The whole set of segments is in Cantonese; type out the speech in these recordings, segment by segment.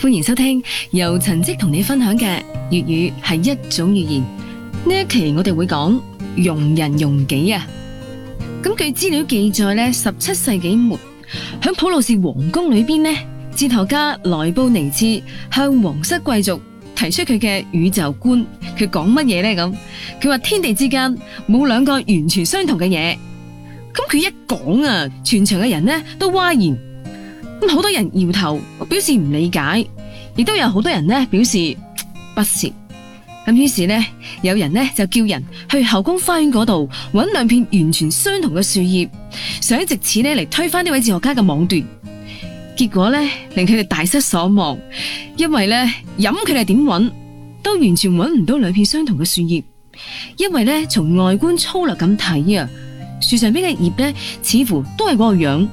歡迎收聽由陳迹同你分享嘅粵語係一種語言。呢一期我哋會講容人容己啊。咁據資料記載呢，十七世紀末，響普魯士皇宮裏邊呢，哲學家萊布尼茨向皇室貴族提出佢嘅宇宙觀。佢講乜嘢呢？咁佢話天地之間冇兩個完全相同嘅嘢。咁佢一講啊，全場嘅人呢都嘩然。咁好多人搖頭，表示唔理解，亦都有好多人呢表示不屑。咁於是呢，有人呢就叫人去後宮花園嗰度揾兩片完全相同嘅樹葉，想借此呢嚟推翻呢位哲學家嘅網段。結果呢，令佢哋大失所望，因為呢，任佢哋點揾都完全揾唔到兩片相同嘅樹葉。因為呢，從外觀粗略咁睇啊，樹上邊嘅葉呢，似乎都係嗰個樣。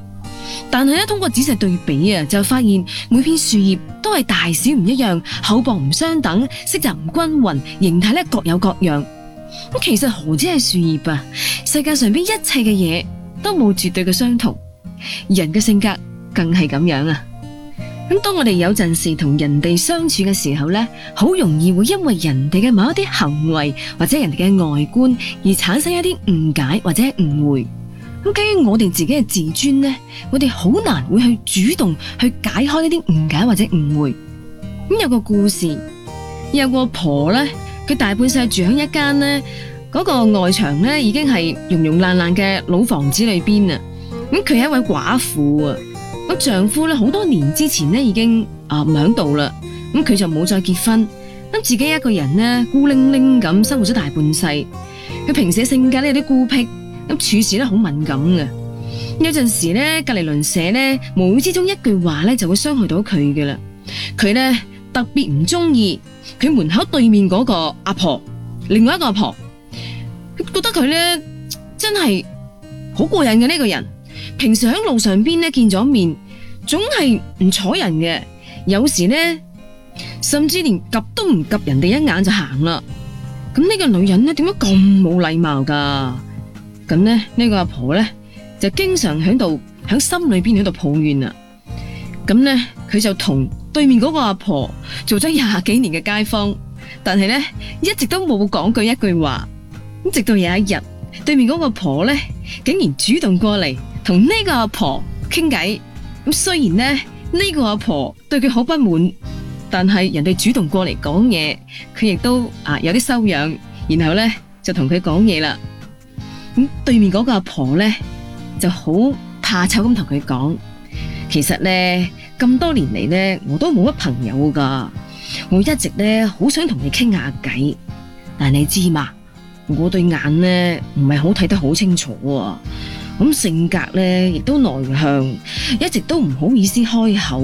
但係咧，通過仔細對比啊，就發現每片樹葉都係大小唔一樣，厚薄唔相等，色澤唔均勻，形態咧各有各樣。咁其實何止係樹葉啊？世界上邊一切嘅嘢都冇絕對嘅相同。人嘅性格更係咁樣啊！咁當我哋有陣時同人哋相處嘅時候咧，好容易會因為人哋嘅某一啲行為或者人哋嘅外觀而產生一啲誤解或者誤會。咁基於我哋自己嘅自尊呢，我哋好難會去主動去解開呢啲誤解或者誤會。咁有個故事，有個婆咧，佢大半世住響一間呢嗰個外牆呢已經係溶溶爛爛嘅老房子裏邊啊。咁佢係一位寡婦啊，咁丈夫咧好多年之前呢已經啊唔響度啦，咁、呃、佢就冇再結婚，咁自己一個人呢孤零零咁生活咗大半世，佢平時性格呢，有啲孤僻。咁處事咧好敏感嘅，有陣時咧隔籬鄰舍咧，無意之中一句話咧就會傷害到佢嘅啦。佢咧特別唔中意佢門口對面嗰個阿婆，另外一個阿婆，覺得佢咧真係好過癮嘅呢個人。平時喺路上邊咧見咗面，總係唔睬人嘅，有時咧甚至連及都唔及人哋一眼就行啦。咁呢個女人咧點解咁冇禮貌噶？咁咧，個呢個阿婆咧就經常喺度，喺心裏邊喺度抱怨啦、啊。咁咧，佢就同對面嗰個阿婆、婆做咗廿幾年嘅街坊，但係咧一直都冇講句一句話。咁直到有一日，對面嗰個阿婆咧竟然主動過嚟同呢個阿婆傾偈。咁雖然咧呢、這個阿婆、婆對佢好不滿，但係人哋主動過嚟講嘢，佢亦都啊有啲修養，然後咧就同佢講嘢啦。咁對面嗰個阿婆咧就好怕醜咁同佢講，其實咧咁多年嚟咧我都冇乜朋友噶，我一直咧好想同你傾下偈，但你知嘛，我對眼咧唔係好睇得好清楚啊，咁性格咧亦都內向，一直都唔好意思開口，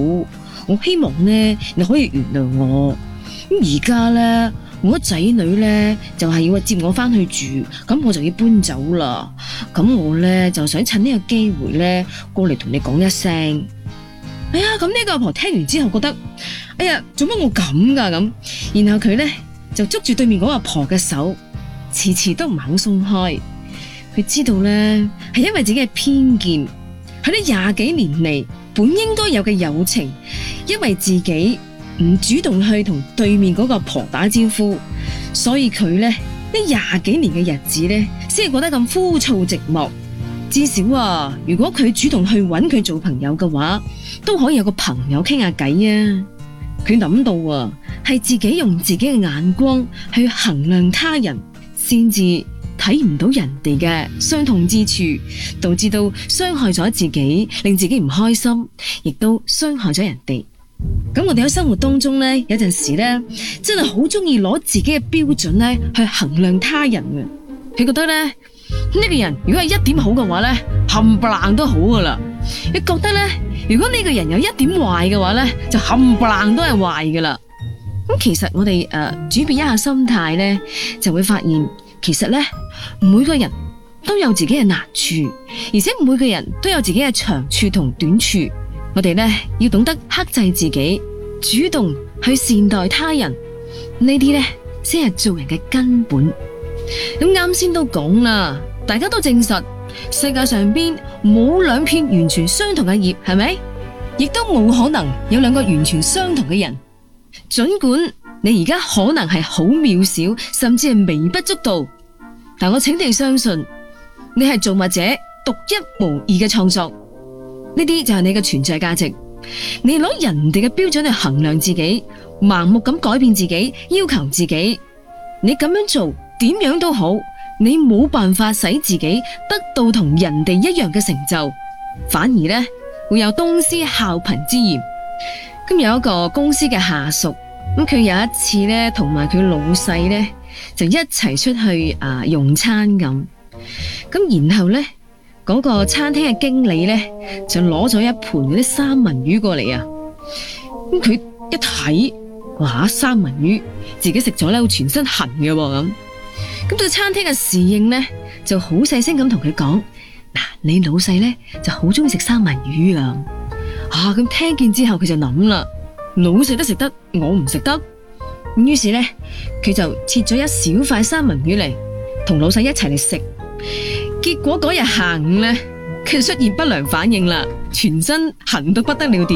我希望咧你可以原諒我，咁而家咧。我仔女呢就係要接我翻去住，咁我就要搬走啦。咁我呢就想趁呢個機會呢過嚟同你講一聲。哎呀，咁呢個婆婆聽完之後覺得，哎呀，做乜我咁噶咁？然後佢呢就捉住對面嗰個婆嘅手，遲遲都唔肯鬆開。佢知道呢係因為自己嘅偏見，喺呢廿幾年嚟本應該有嘅友情，因為自己。唔主動去同對面嗰個婆婆打招呼，所以佢咧呢廿幾年嘅日子呢，先係過得咁枯燥寂寞。至少啊，如果佢主動去揾佢做朋友嘅話，都可以有個朋友傾下偈啊。佢諗到啊，係自己用自己嘅眼光去衡量他人，先至睇唔到人哋嘅傷痛之處，導致到傷害咗自己，令自己唔開心，亦都傷害咗人哋。咁我哋喺生活當中咧，有陣時咧，真係好中意攞自己嘅標準咧去衡量他人嘅。佢覺得咧呢、呢個人如果係一點好嘅話咧，冚唪唥都好㗎喇。佢覺得咧，如果呢個人有一點壞嘅話咧，就冚唪唥都係壞㗎喇。咁其實我哋誒轉變一下心態咧，就會發現其實咧，每個人都有自己嘅難處，而且每個人都有自己嘅長處同短處。我哋呢要懂得克制自己，主動去善待他人，呢啲呢，先係做人嘅根本。咁啱先都講啦，大家都證實，世界上邊冇兩片完全相同嘅葉，係咪？亦都冇可能有兩個完全相同嘅人。盡管你而家可能係好渺小，甚至係微不足道，但我請你相信，你係造物者獨一無二嘅創作。呢啲就係你嘅存在價值。你攞人哋嘅標準去衡量自己，盲目咁改變自己，要求自己，你咁樣做點樣都好，你冇辦法使自己得到同人哋一樣嘅成就，反而呢，會有東施效顰之嫌。咁有一個公司嘅下屬，咁佢有一次呢，同埋佢老細呢就一齊出去啊用餐咁，咁然後呢。嗰個餐廳嘅經理咧就攞咗一盤嗰啲三文魚過嚟啊！咁、嗯、佢一睇，哇！三文魚自己食咗咧，會全身痕嘅咁。咁、嗯、對餐廳嘅侍應呢，就好細聲咁同佢講：嗱，你老細咧就好中意食三文魚啊！啊，咁聽見之後，佢就諗啦，老細都食得，我唔食得。於是咧，佢就切咗一小塊三文魚嚟同老細一齊嚟食。結果嗰日下午呢，佢出現不良反應啦，全身痕到不得了掂。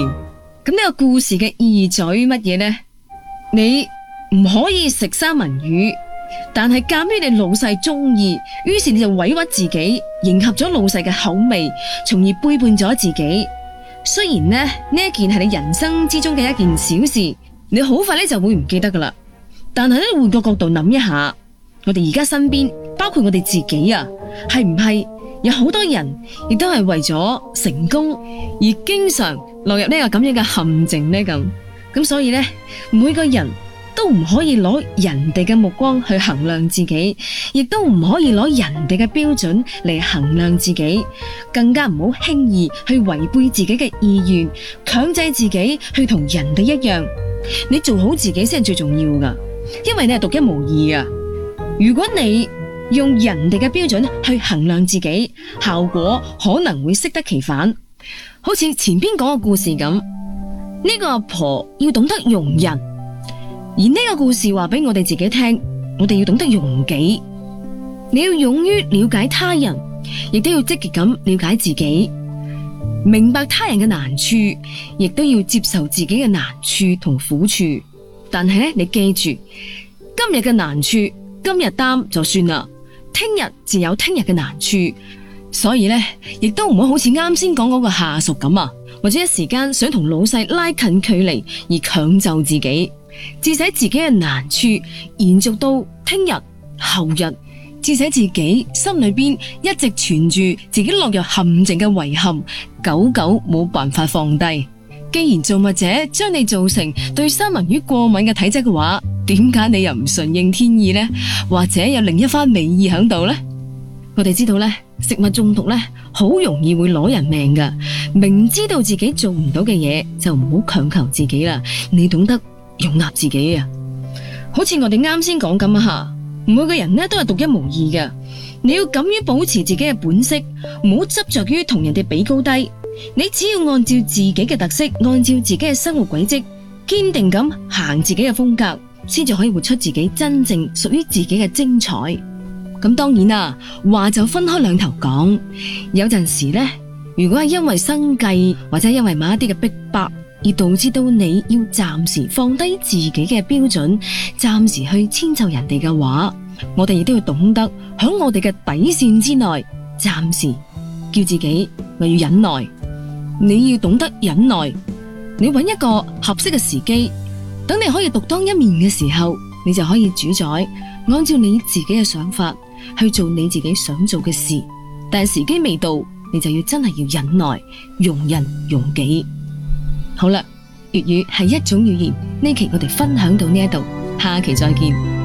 咁呢個故事嘅意義在於乜嘢呢？你唔可以食三文魚，但係鑒於你老細中意，於是你就委屈自己，迎合咗老細嘅口味，從而背叛咗自己。雖然呢，呢一件係你人生之中嘅一件小事，你好快咧就會唔記得噶啦。但係咧換個角度諗一下。我哋而家身邊，包括我哋自己啊，係唔係有好多人亦都係為咗成功而經常落入呢、這個咁樣嘅陷阱呢？咁咁所以呢，每個人都唔可以攞人哋嘅目光去衡量自己，亦都唔可以攞人哋嘅標準嚟衡量自己，更加唔好輕易去違背自己嘅意願，強制自己去同人哋一樣。你做好自己先係最重要噶，因為你係獨一無二啊！如果你用人哋嘅標準去衡量自己，效果可能會適得其反。好似前邊講嘅故事咁，呢個阿婆要懂得容人，而呢個故事話俾我哋自己聽，我哋要懂得容己。你要勇於了解他人，亦都要積極咁了解自己，明白他人嘅難處，亦都要接受自己嘅難處同苦處。但係咧，你記住，今日嘅難處。今日擔就算啦，聽日自有聽日嘅難處，所以呢，亦都唔會好似啱先講嗰個下屬咁啊，或者一時間想同老細拉近距離而強就自己，致使自己嘅難處延續到聽日、後日，致使自己心裏邊一直存住自己落入陷阱嘅遺憾，久久冇辦法放低。既然造物者將你做成對三文魚過敏嘅體質嘅話，點解你又唔順應天意呢？或者有另一番美意響度呢？我哋知道咧，食物中毒咧，好容易會攞人命噶。明知道自己做唔到嘅嘢，就唔好強求自己啦。你懂得容納自己啊，好似我哋啱先講咁啊吓，每個人呢，都係獨一無二嘅。你要敢於保持自己嘅本色，唔好執着於同人哋比高低。你只要按照自己嘅特色，按照自己嘅生活軌跡，堅定咁行自己嘅風格，先至可以活出自己真正屬於自己嘅精彩。咁當然啦，話就分開兩頭講。有陣時咧，如果係因為生計或者因為某一啲嘅逼迫，而導致到你要暫時放低自己嘅標準，暫時去遷就人哋嘅話，我哋亦都要懂得響我哋嘅底線之內，暫時叫自己，我要忍耐。你要懂得忍耐，你搵一個合適嘅時機，等你可以獨當一面嘅時候，你就可以主宰，按照你自己嘅想法去做你自己想做嘅事。但係時機未到，你就要真係要忍耐，容人容己。好啦，粵語係一種語言，呢期我哋分享到呢一度，下期再見。